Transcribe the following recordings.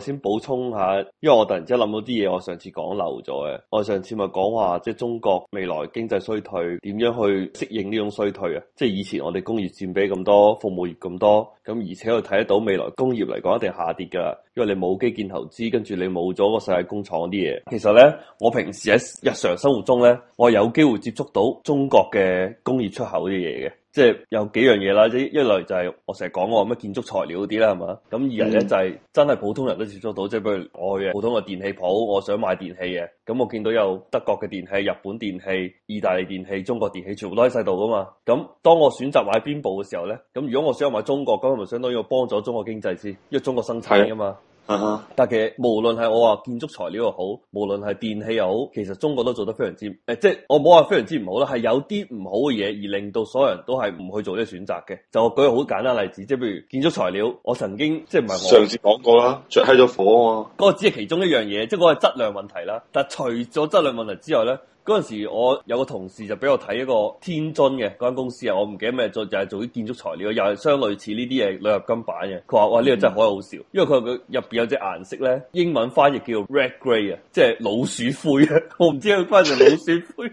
先補充下，因為我突然之間諗到啲嘢，我上次講漏咗嘅。我上次咪講話，即係中國未來經濟衰退點樣去適應呢種衰退啊？即係以前我哋工業佔比咁多，服務業咁多，咁而且我睇得到未來工業嚟講一定下跌噶，因為你冇基建投資，跟住你冇咗個世界工廠啲嘢。其實咧，我平時喺日常生活中咧，我有機會接觸到中國嘅工業出口啲嘢嘅。即係有幾樣嘢啦，一一類就係我成日講我乜建築材料啲啦，係嘛？咁二嚟咧就係真係普通人都接觸到，即係譬如我去普通嘅電器鋪，我想買電器嘅，咁我見到有德國嘅電器、日本電器、意大利電器、中國電器，全部都喺晒度噶嘛。咁當我選擇買邊部嘅時候咧，咁如果我想買中國，咁咪相當於我幫咗中國經濟先，因為中國生產㗎嘛。Uh huh. 但係其實無論係我話建築材料又好，無論係電器又好，其實中國都做得非常之誒，即、欸、係、就是、我冇話非常之唔好啦，係有啲唔好嘅嘢，而令到所有人都係唔去做呢個選擇嘅。就舉個好簡單例子，即係譬如建築材料，我曾經即係唔係我上次講過啦，着起咗火啊嘛。嗰個只係其中一樣嘢，即係嗰個係質量問題啦。但係除咗質量問題之外咧。嗰陣時，我有個同事就俾我睇一個天津嘅嗰間公司啊，我唔記得咩做，就係、是、做啲建築材料，又係相類似呢啲嘢，鋁合金板嘅。佢話：哇，呢、這個真係好搞笑，因為佢佢入邊有隻顏色咧，英文翻譯叫 red grey 啊，即係老鼠灰啊。我唔知佢翻成老鼠灰，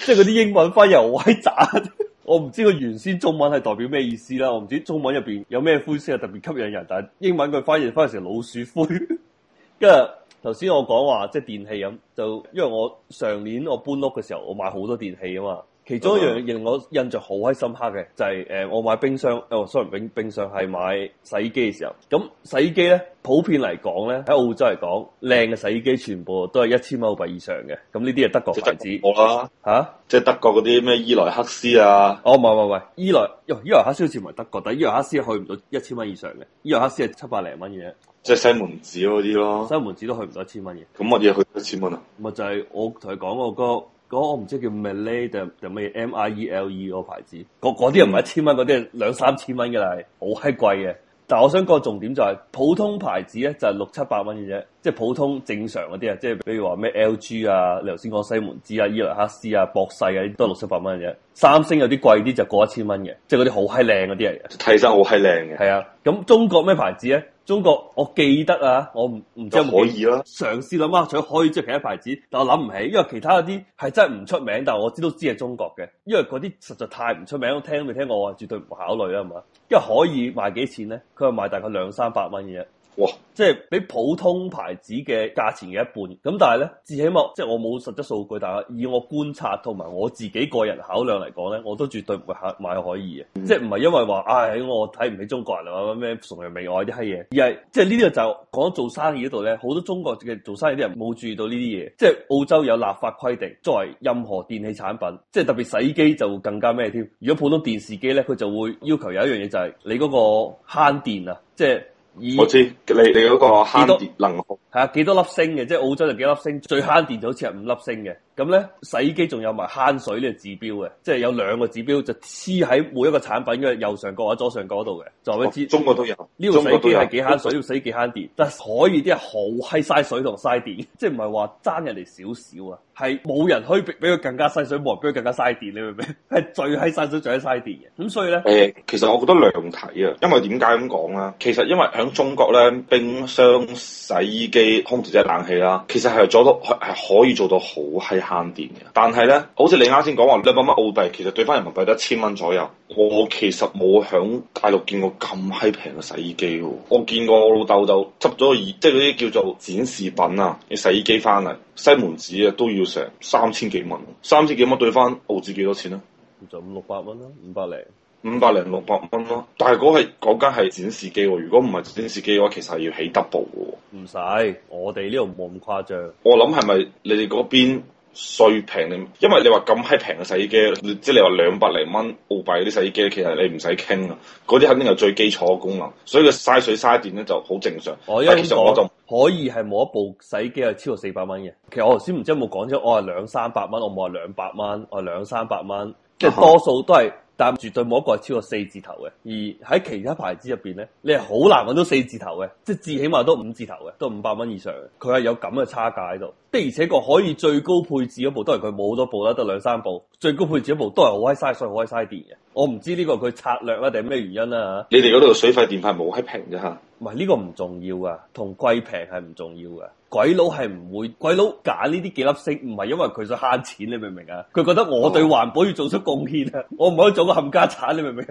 即係嗰啲英文翻譯好鬼渣。我唔知佢原先中文係代表咩意思啦，我唔知中文入邊有咩灰色係特別吸引人，但係英文佢翻譯翻成老鼠灰，跟住。頭先我講話，即係電器噉，就因為我上年我搬屋嘅時候，我買好多電器吖嘛。其中一樣令我印象好閪深刻嘅就係、是、誒、呃，我買冰箱，哦 sorry 冰、冰箱係買洗衣機嘅時候，咁、嗯、洗衣機咧普遍嚟講咧喺澳洲嚟講，靚嘅洗衣機全部都係一千蚊澳幣以上嘅，咁呢啲係德國牌子，我啦嚇，啊、即係德國嗰啲咩伊萊克斯啊？哦唔係唔係唔係，伊萊，伊萊、哦、伊萊克斯好似唔係德國，但係伊萊克斯去唔到一千蚊以上嘅，伊萊克斯係七百零蚊嘅。即係西門子嗰啲咯，西門子都去唔到一千蚊嘅。咁乜嘢去一千蚊啊？咪就係我同佢講我個。嗰個我唔知叫咩咧定定咩 M I、E、L E 嗰個牌子，嗰啲又唔係一千蚊，嗰啲兩三千蚊嘅啦，係好閪貴嘅。但係我想講重點就係、是、普通牌子咧，就六七百蚊嘅啫，即係普通正常嗰啲啊，即係比如話咩 LG 啊，你頭先講西門子啊、伊萊克斯啊、博世嘅、啊，都六七百蚊嘅啫。三星有啲貴啲就過一千蚊嘅，即係嗰啲好閪靚嗰啲嚟嘅，睇起身好閪靚嘅，係啊。咁中國咩牌子咧？中國我記得啊，我唔唔知可以啊，嘗試諗下，除咗可以，即係其他牌子，但係我諗唔起，因為其他嗰啲係真係唔出名，但係我知都知係中國嘅，因為嗰啲實在太唔出名，我聽都未聽過，我絕對唔考慮啊。係嘛？因為可以賣幾錢咧？佢係賣大概兩三百蚊嘅啫。哇！即係比普通牌子嘅價錢嘅一半咁，但係咧，至起碼即係我冇實質數據，但係以我觀察同埋我自己個人考量嚟講咧，我都絕對唔會肯買海爾嘅，即係唔係因為話唉、哎、我睇唔起中國人啊咩崇洋媚外啲閪嘢，而係即係呢啲就是、講做生意嗰度咧，好多中國嘅做生意啲人冇注意到呢啲嘢，即係澳洲有立法規定，作為任何電器產品，即係特別洗衣機就會更加咩添。如果普通電視機咧，佢就會要求有一樣嘢就係、是、你嗰個慳電啊，即係。以我知，你你嗰個慳電能耗係啊，幾多粒星嘅？即係澳洲就幾粒星，最慳電就好似係五粒星嘅。咁咧，洗衣機仲有埋慳水呢個指標嘅，即係有兩個指標就黐喺每一個產品嘅右上角或者左上角度嘅，就係咪知？中國都有，呢個洗衣機係幾慳水，都水，要洗幾慳電，但係可以啲係好閪嘥水同嘥電，即係唔係話爭人哋少少啊？係冇人可以比佢更加嘥水，冇人比佢更加嘥電，你明唔明？係最閪嘥水、最閪嘥電嘅。咁所以咧，誒，其實我覺得兩睇啊，因為點解咁講啊？其實因為喺中國咧，冰箱、洗衣機、空調即係冷氣啦，其實係做到係可以做到好慳。慳電嘅，但係咧，好似你啱先講話兩百蚊澳幣，其實兌翻人民幣得一千蚊左右。我其實冇喺大陸見過咁閪平嘅洗衣機喎。我見過我老豆就執咗個耳，即係嗰啲叫做展示品啊，你洗衣機翻嚟，西門子啊都要成三千幾蚊，三千幾蚊兌翻澳紙幾多錢啊？就五六百蚊咯，五百零五百零六百蚊咯。但係嗰係嗰間係展示機喎。如果唔係展示機嘅話，其實係要起 double 嘅。唔使，我哋呢度冇咁誇張。我諗係咪你哋嗰邊？碎平你，因為你話咁閪平嘅洗衣機，即係你話兩百零蚊澳幣啲洗衣機，其實你唔使傾啊，嗰啲肯定係最基礎嘅功能，所以個嘥水嘥電咧就好正常。我因為其實我就我可以係冇一部洗衣機係超過四百蚊嘅。其實我頭先唔知有冇講咗，我係兩三百蚊，我冇係兩百蚊，我係兩三百蚊，即係多數都係。但絕對冇一個係超過四字頭嘅，而喺其他牌子入邊咧，你係好難揾到四字頭嘅，即至起碼都五字頭嘅，都五百蚊以上。佢係有咁嘅差價喺度，的而且確可以最高配置嗰部都係佢冇多部啦，得兩三部最高配置嗰部都係好閪嘥水、好閪嘥電嘅。我唔知呢個佢策略啦定咩原因啦、啊。你哋嗰度水費電費冇閪平啫嚇？唔係呢個唔重要啊，同貴平係唔重要噶。鬼佬係唔會鬼佬揀呢啲幾粒星，唔係因為佢想慳錢，你明唔明啊？佢覺得我對環保要做出貢獻啊，哦、我唔可以做個冚家鏟，你明唔明？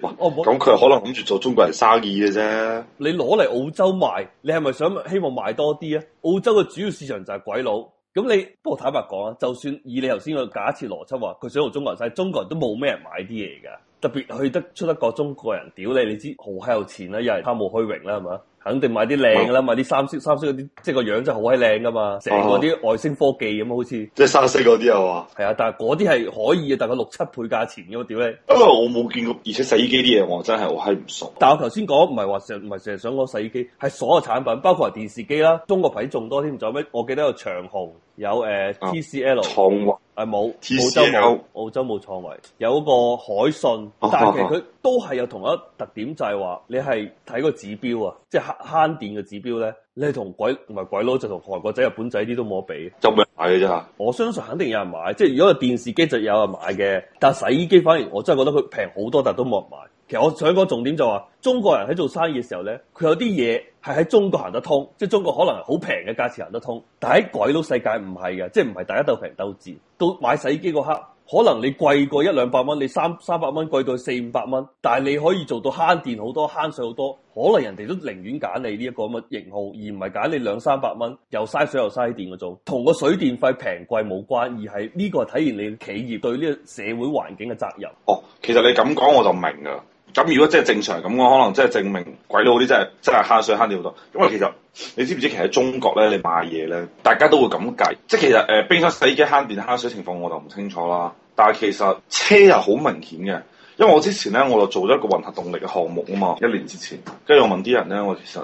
哇！咁佢不可能諗住做中國人生意嘅啫。你攞嚟澳洲賣，你係咪想希望賣多啲啊？澳洲嘅主要市場就係鬼佬。咁你不過，坦白講，就算以你頭先個假設邏輯話，佢想做中國人晒，中國人都冇咩人買啲嘢㗎，特別去得出一個中國人屌你，你知好喺有錢啊，又係貪慕虛榮啦，係肯定買啲靚噶啦，有買啲三色、三色嗰啲，即係個樣真係好閪靚噶嘛，成嗰啲外星科技咁、啊、好似像即係三色嗰啲係嘛？係啊，但係嗰啲係可以啊，大概六七倍價錢嘅屌你，因為啊，我冇見過，而且洗衣機啲嘢我真係好閪唔熟。但係我頭先講唔係話成唔係成日想講洗衣機，係所有產品，包括係電視機啦，中國牌仲多添，仲有咩？我記得有長虹。有誒、呃、TCL 創維侍，誒冇、啊、TCL 澳洲冇，澳洲冇創維，有個海信，但係其實佢都係有同一特點，就係話你係睇個指標啊，即係慳慳電嘅指標咧，你係同鬼唔係鬼佬就同韓國仔、日本仔啲都冇得比，就冇買嘅啫。我相信肯定有人買，即係如果係電視機就有人買嘅，但係洗衣機反而我真係覺得佢平好多，但都冇人買。其實我想講重點就話，中國人喺做生意嘅時候呢，佢有啲嘢係喺中國行得通，即係中國可能好平嘅價錢行得通，但係喺鬼佬世界唔係嘅，即係唔係大家鬥平鬥智。到買洗衣機嗰刻，可能你貴過一兩百蚊，你三三百蚊貴到四五百蚊，但係你可以做到慳電好多、慳水好多，可能人哋都寧願揀你呢一個咁嘅型號，而唔係揀你兩三百蚊又嘥水又嘥電嗰種。同個水電費平貴冇關，而係呢個係體現你企業對呢個社會環境嘅責任。哦，其實你咁講我就明㗎。咁如果即係正常咁，我可能即係證明鬼佬啲真係真係慳水慳料好多。因為其實你知唔知？其實喺中國咧，你買嘢咧，大家都會咁計。即係其實誒、呃、冰箱洗機慳電慳水情況，我就唔清楚啦。但係其實車又好明顯嘅，因為我之前咧我就做咗一個混合動力嘅項目啊嘛，一年之前。跟住我問啲人咧，我其實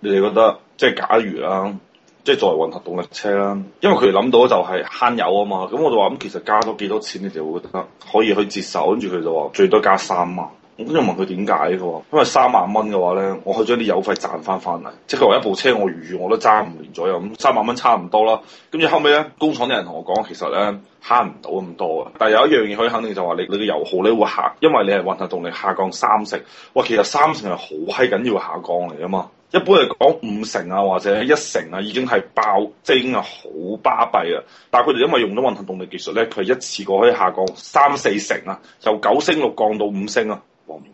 你哋覺得即係假如啦，即係作為混合動力車啦，因為佢哋諗到就係慳油啊嘛。咁我就話咁，其實加咗幾多錢，你哋會覺得可以去接受？跟住佢就話最多加三萬。我咁就問佢點解嘅喎？因為三萬蚊嘅話咧，我可以將啲油費賺翻翻嚟。即係話一部車我預我都揸五年左右，咁三萬蚊差唔多啦。跟住後尾咧，工廠啲人同我講，其實咧，慳唔到咁多啊。但係有一樣嘢可以肯定就話、是、你你嘅油耗咧會下，因為你係混合動力下降三成。哇，其實三成係好閪緊要下降嚟噶嘛。一般嚟講五成啊，或者一成啊，已經係爆即已經係啊，好巴閉啊。但係佢哋因為用咗混合動力技術咧，佢係一次過可以下降三四成啊，由九升六降到五升啊。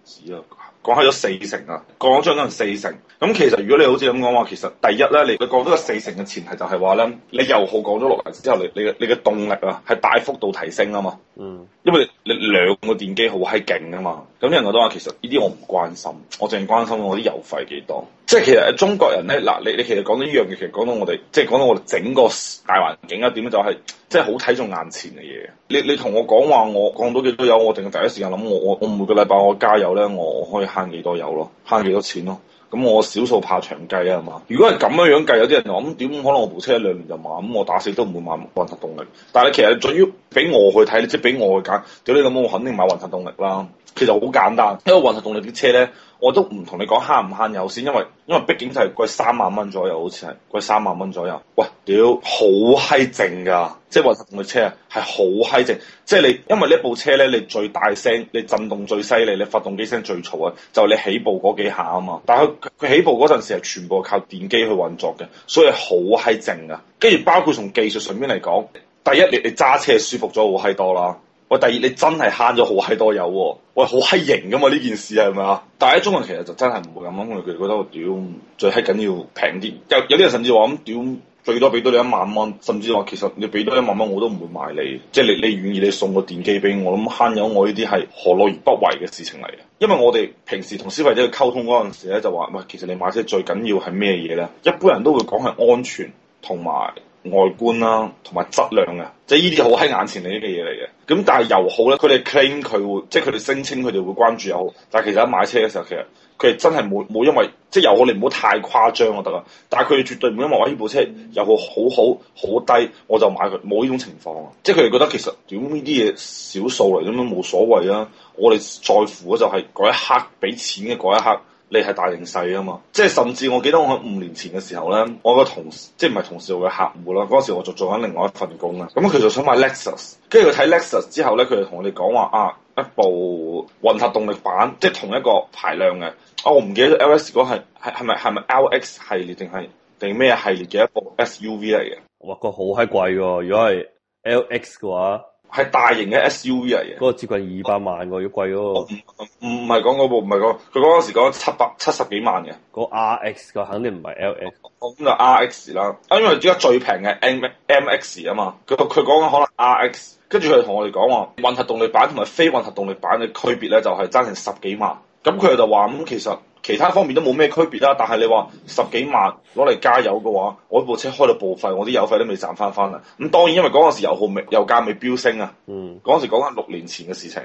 止啊，講開咗四成啊，降咗將近四成。咁其實如果你好似咁講話，其實第一咧，你你降咗個四成嘅前提就係話咧，你油耗降咗落嚟之後，你你嘅你嘅動力啊，係大幅度提升啊嘛。嗯。因為你兩個電機好係勁啊嘛。咁啲人話其實呢啲我唔關心，我淨係關心我啲油費幾多。即係其實中國人咧，嗱，你你其實講到呢樣嘢，其實講到我哋，即係講到我哋整個大環境一點就係、是，即係好睇重眼前嘅嘢。你你同我講話，我降到幾多油，我定係第一時間諗，我我我每個禮拜我加油咧，我可以慳幾多油咯，慳幾多錢咯。咁、嗯嗯、我少數怕長計啊嘛。如果係咁樣樣計，有啲人諗，點、嗯、可能我部車一兩年就買，咁、嗯、我打死都唔會買混合動力。但係你其實在於俾我去睇，即係俾我去揀，屌你咁，我肯定買混合動力啦。其實好簡單，因為混合動力啲車咧。我都唔同你講慳唔慳油先，因為因為畢竟係貴三萬蚊左右，好似係貴三萬蚊左右。喂，屌，好閪靜噶，即係話實，佢車啊係好閪靜。即係你，因為呢部車咧，你最大聲，你震動最犀利，你發動機聲最嘈啊，就係你起步嗰幾下啊嘛。但係佢佢起步嗰陣時係全部靠電機去運作嘅，所以好閪靜啊。跟住包括從技術上面嚟講，第一你你揸車舒服咗好閪多啦。喂，第二你真係慳咗好閪多油喎、啊！喂，好閪型噶嘛呢件事係咪啊？但係中國人其實就真係唔會咁咯，佢哋覺得我屌最閪緊要平啲。有有啲人甚至話咁屌最多俾到你一萬蚊，甚至話其實你俾多一萬蚊我都唔會買你。即係你你願意你送個電機俾我咁慳油，我呢啲係何樂而不為嘅事情嚟嘅。因為我哋平時同消費者溝通嗰陣時咧，就話喂，其實你買車最緊要係咩嘢咧？一般人都會講係安全同埋。外觀啦、啊，同埋質量嘅、啊，即係呢啲好喺眼前嘅嘢嚟嘅。咁但係油耗咧，佢哋 claim 佢會，即係佢哋聲稱佢哋會關注油耗。但係其實喺買車嘅時候，其實佢哋真係冇冇因為，即係油耗，你唔好太誇張就得啦。但係佢哋絕對唔會因為話呢部車油耗、嗯、好，好好好低，我就買佢，冇呢種情況，即係佢哋覺得其實屌呢啲嘢少數嚟，咁樣冇所謂啦、啊。我哋在乎嘅就係嗰一刻俾錢嘅嗰一刻。你係大定細啊嘛，即係甚至我記得我喺五年前嘅時候咧，我個同事，即係唔係同事嘅客戶啦，嗰時我就做緊另外一份工啦，咁佢就想買 Lexus，跟住佢睇 Lexus 之後咧，佢就同我哋講話啊，一部混合動力版，即係同一個排量嘅，啊、哦、我唔記得 LS 嗰係係咪係咪 LX 系列定係定咩系列嘅一部 SUV 嚟嘅，哇個好閪貴㗎，如果係 LX 嘅話。係大型嘅 SUV 嚟嘅，嗰個接近二百萬喎，要貴嗰個。唔唔唔係講嗰部，唔係講，佢講嗰時講七百七十幾萬嘅。個 RX 個肯定唔係 LX。咁就 RX 啦，啊因為而家最平嘅 MX 啊嘛，佢佢講緊可能 RX，跟住佢同我哋講話，混合動力版同埋非混合動力版嘅區別咧就係爭成十幾萬，咁佢哋就話咁其實。其他方面都冇咩區別啦，但係你話十幾萬攞嚟加油嘅話，我部車開到報廢，我啲油費都未賺翻翻啦。咁當然因為嗰陣時油耗未、油價未飆升啊。嗯，嗰陣時講緊六年前嘅事情。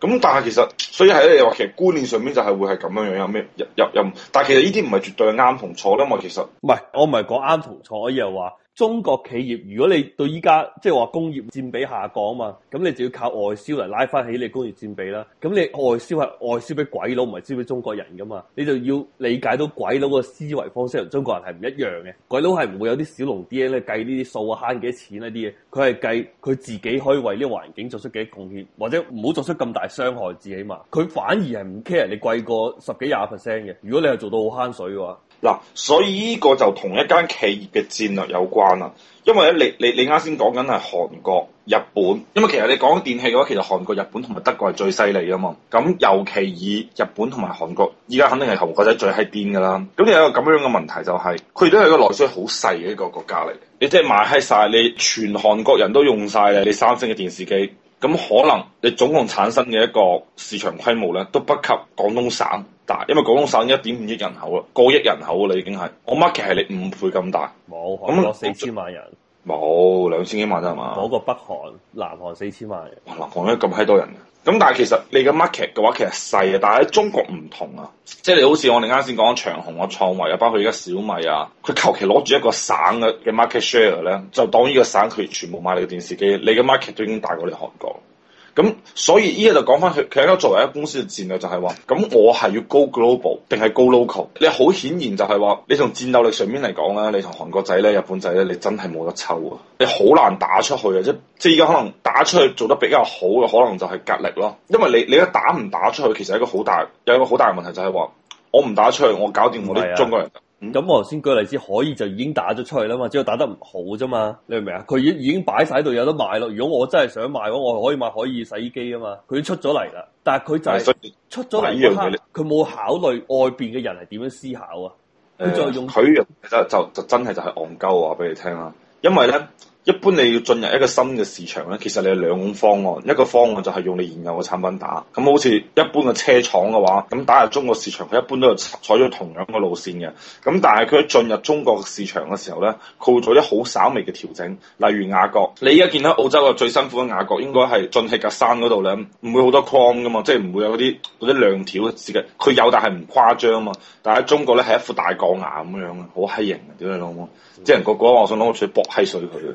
咁但係其實所以喺你話其實觀念上面就係會係咁樣樣，有咩又又又？但係其實呢啲唔係絕對啱同錯啦嘛。其實。唔係，我唔係講啱同錯，而係話。中國企業如果你對依家即係話工業佔比下降啊嘛，咁你就要靠外銷嚟拉翻起你工業佔比啦。咁你外銷係外銷俾鬼佬，唔係銷俾中國人噶嘛。你就要理解到鬼佬嘅思維方式同中國人係唔一樣嘅。鬼佬係唔會有啲小農 DNA 計呢啲數慳幾多錢一啲嘢，佢係計佢自己可以為呢個環境作出幾多貢獻，或者唔好作出咁大傷害至起碼。佢反而係唔 care 你貴過十幾廿 percent 嘅。如果你係做到好慳水嘅話。嗱，所以呢個就同一間企業嘅戰略有關啦。因為咧，你你你啱先講緊係韓國、日本，因為其實你講電器嘅話，其實韓國、日本同埋德國係最犀利㗎嘛。咁尤其以日本同埋韓國，依家肯定係韓國仔最閪癲㗎啦。咁你有一個咁樣嘅問題就係，是，佢都係個內需好細嘅一個國家嚟，你即係賣閪晒，你全韓國人都用晒你三星嘅電視機，咁可能你總共產生嘅一個市場規模咧，都不及廣東省。大，因為廣東省一點五億人口啦，過億人口你已經係，我 market 係你五倍咁大，冇，咁那就四千萬人，冇兩千幾萬啫嘛，嗰個北韓、南韓四千萬人，哇，南韓都咁閪多人，啊，咁但係其實你嘅 market 嘅話其實細啊，但係喺中國唔同啊，即係你好似我哋啱先講長虹啊、創維啊，包括而家小米啊，佢求其攞住一個省嘅嘅 market share 咧，就當呢個省佢全部買你嘅電視機，你嘅 market 都已經大過你韓國。咁所以依家就講翻佢，佢喺度作為一個公司嘅戰略就係話，咁我係要 go global 定係 go local？你好顯然就係話，你從戰鬥力上面嚟講咧，你同韓國仔咧、日本仔咧，你真係冇得抽啊！你好難打出去啊！即即依家可能打出去做得比較好嘅，可能就係格力咯。因為你你一打唔打出去，其實係一個好大有一個好大嘅問題就係話，我唔打出去，我搞掂我啲中國人。咁、嗯、我頭先舉例子，海爾就已經打咗出去啦嘛，只係打得唔好啫嘛，你明唔明啊？佢已經已經擺晒喺度有得賣咯。如果我真係想買嘅話，我可以買海爾洗衣機啊嘛。佢已經出咗嚟啦，但係佢就係出咗嚟，佢冇考慮外邊嘅人係點樣思考啊。佢就用佢就就真係就係戇鳩話俾你聽啦，因為咧。嗯一般你要進入一個新嘅市場咧，其實你有兩種方案，一個方案就係用你現有嘅產品打，咁、嗯、好似一般嘅車廠嘅話，咁、嗯、打入中國市場佢一般都係採咗同樣嘅路線嘅，咁、嗯、但係佢喺進入中國市場嘅時候咧，佢會做啲好稍微嘅調整，例如雅閣，你而家見到澳洲嘅最辛苦嘅雅閣應該係進氣格柵嗰度咧，唔會好多框噶嘛，即係唔會有嗰啲啲亮條設計，佢有但係唔誇張啊嘛，但係喺中國咧係一副大鋼牙咁樣嘅，好閪型，屌你老、嗯、即啲人個個話我想攞個水搏閪水佢嘅。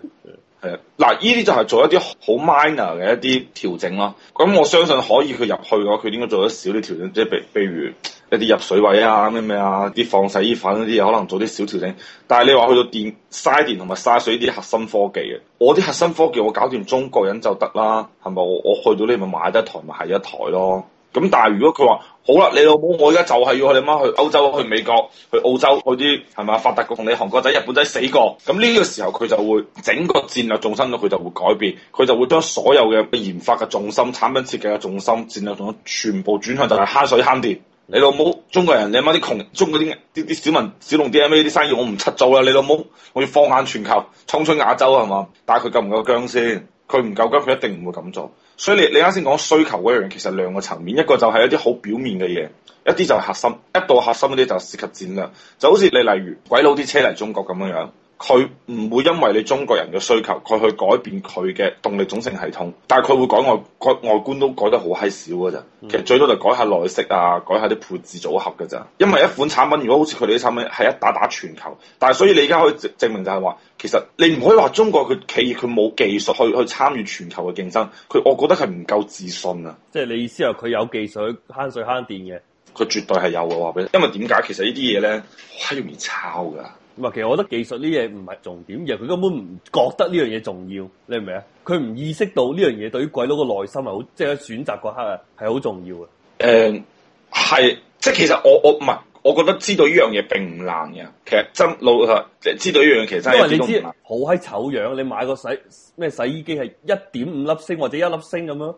係啦，嗱，依啲就係做一啲好 minor 嘅一啲調整咯。咁我相信可以佢入去嘅話，佢應該做得少啲調整，即係譬譬如一啲入水位啊、咩咩啊、啲放洗衣粉嗰啲嘢，可能做啲小調整。但係你話去到電嘥電同埋嘥水啲核心科技嘅，我啲核心科技我搞掂中國人就得啦，係咪？我我去到你咪買得一台咪係一台咯。咁但係如果佢話好啦，你老母我而家就係要你媽去你媽去歐洲去美國去澳洲去啲係咪發達國同你韓國仔日本仔死過，咁呢個時候佢就會整個戰略重心佢就會改變，佢就會將所有嘅研發嘅重心、產品設計嘅重心、戰略重心全部轉向就係慳水慳電。你老母中國人你媽啲窮中國啲啲啲小民小農 D M A 啲生意我唔出做啦，你老母我要放眼全，全球，衝出亞洲啊嘛！但係佢夠唔夠姜先？佢唔夠姜，佢一定唔會咁做。所以你你啱先講需求嗰樣，其實兩個層面，一個就係一啲好表面嘅嘢，一啲就係核心。一到核心嗰啲就涉及戰略，就好似你例如鬼佬啲車嚟中國咁樣樣。佢唔會因為你中國人嘅需求，佢去改變佢嘅動力總成系統，但係佢會改外改外觀都改得好閪少㗎咋，其實最多就改下內飾啊，改下啲配置組合㗎咋，因為一款產品如果好似佢哋啲產品係一打打全球，但係所以你而家可以證明就係話，其實你唔可以話中國嘅企業佢冇技術去去參與全球嘅競爭。佢我覺得佢唔夠自信啊。即係你意思係佢有技術去慳水慳電嘅？佢絕對係有嘅話俾你，因為點解其實呢啲嘢咧好容易抄㗎。其實我覺得技術呢嘢唔係重點，而係佢根本唔覺得呢樣嘢重要，你明唔明啊？佢唔意識到呢樣嘢對於鬼佬個內心係好，即係選擇嗰刻係係好重要嘅。誒、呃，係，即係其實我我唔係，我覺得知道呢樣嘢並唔難嘅。其實真老實，知道呢樣其實因為你知好閪醜樣，你買個洗咩洗衣機係一點五粒星或者一粒星咁樣。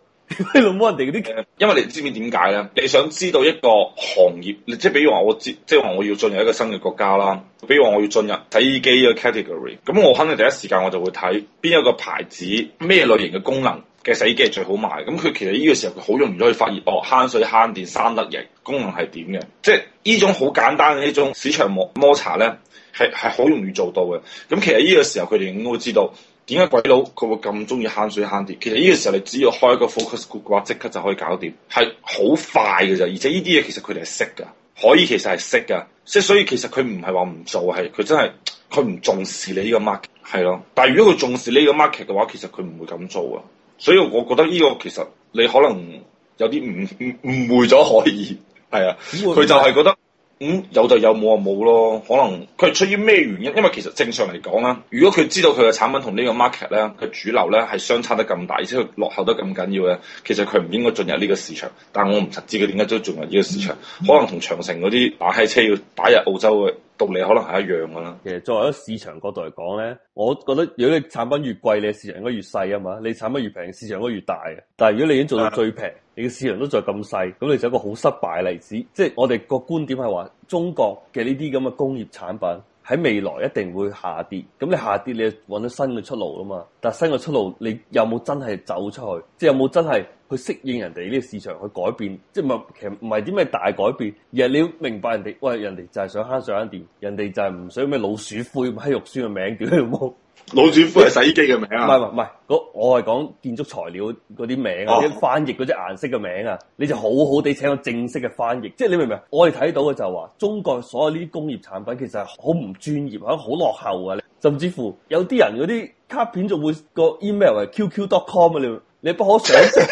你攞人哋啲嘅，因為你知唔知點解咧？你想知道一個行業，你即係比如話我知，即係話我要進入一個新嘅國家啦。比如話我要進入洗衣機嘅 category，咁我肯定第一時間我就會睇邊一個牌子咩類型嘅功能嘅洗衣機係最好賣。咁佢其實呢個時候佢好容易都可以發現，哦，慳水慳電，生得型，功能係點嘅。即係呢種好簡單嘅呢種市場摩摩，摩擦咧，係係好容易做到嘅。咁其實呢個時候佢哋都會知道。點解鬼佬佢會咁鍾意慳水慳電？其實呢個時候你只要開一個 focus group 嘅話，即刻就可以搞掂，係好快嘅啫。而且呢啲嘢其實佢哋係識噶，可以其實係識噶，即係所以其實佢唔係話唔做，係佢真係佢唔重視你呢個 market，係咯。但係如果佢重視你呢個 market 嘅話，其實佢唔會咁做啊。所以我覺得呢個其實你可能有啲誤誤，誤誤誤會咗，可以係啊，佢就係覺得。咁、嗯、有就有，冇就冇咯。可能佢係出於咩原因？因為其實正常嚟講啦，如果佢知道佢嘅產品同呢個 market 咧，佢主流咧係相差得咁大，而且佢落後得咁緊要嘅，其實佢唔應該進入呢個市場。但我唔實知佢點解都進入呢個市場，可能同長城嗰啲垃圾車要打入澳洲嘅。道理可能係一樣噶啦。其實作為一市場角度嚟講咧，我覺得如果你產品越貴，你嘅市場應該越細啊嘛。你產品越平，市場應該越大。但係如果你已經做到最平，嗯、你嘅市場都再咁細，咁你就一個好失敗嘅例子。即係我哋個觀點係話，中國嘅呢啲咁嘅工業產品，喺未來一定會下跌，咁你下跌你就揾到新嘅出路吖嘛？但新嘅出路你有冇真係走出去？即係有冇真係去適應人哋呢個市場去改變？即係唔其實唔係啲咩大改變，而係你要明白人哋，喂，人哋就係想慳上慳電，人哋就係唔想要咩老鼠灰咁肉酸嘅名叫你摸。 老主婦係洗衣機嘅名啊！唔係唔係，唔係我係講建築材料嗰啲名啊，或者翻譯嗰隻顏色嘅名啊，你就好好地請個正式嘅翻譯。即係你明唔明？我哋睇到嘅就係話，中國所有呢啲工業產品其實係好唔專業，好落後啊！甚至乎有啲人嗰啲卡片就會個 email 係 qq.com 啊！你你不可想象。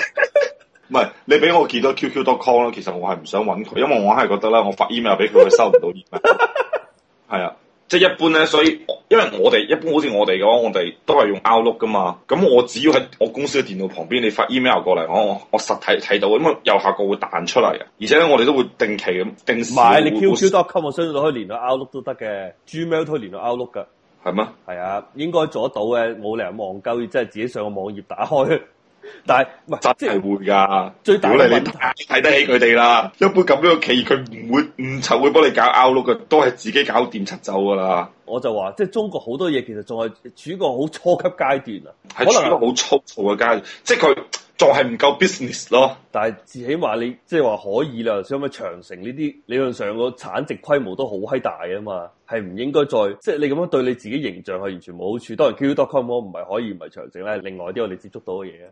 唔係， 你俾我見到 qq.com 啦。其實我係唔想搵佢，因為我係覺得啦，我發 email 俾佢， 佢收唔到係啊。即係一般咧，所以因為我哋一般好似我哋嘅話，我哋都係用 Outlook 噶嘛。咁我只要喺我公司嘅電腦旁邊，你發 email 過嚟，我我我實體睇到，因為右下角會彈出嚟嘅。而且咧，我哋都會定期咁，定時。唔係是會你 QQ dot com 我 send 到可以連到 Outlook 都得嘅，Gmail 都可以連到 Outlook 噶。係咩嗎？係啊，應該做得到嘅，冇理由忙鳩，即係自己上個網頁打開。但係唔係真係會噶，如果你睇睇 得起佢哋啦，一般咁樣嘅企業佢唔會唔酬，就會幫你搞 outlook 嘅，都係自己搞掂出走噶啦。我就話，即係中國好多嘢其實仲係處於好初級階段啊，係處於好粗糙嘅階段，能即係佢仲係唔夠 business 咯。但係至起碼你即係話可以啦，所以咩長城呢啲理論上個產值規模都好閪大啊嘛，係唔應該再即係你咁樣對你自己形象係完全冇好處。當然 Q.com 唔係可以唔係長城咧，另外啲我哋接觸到嘅嘢。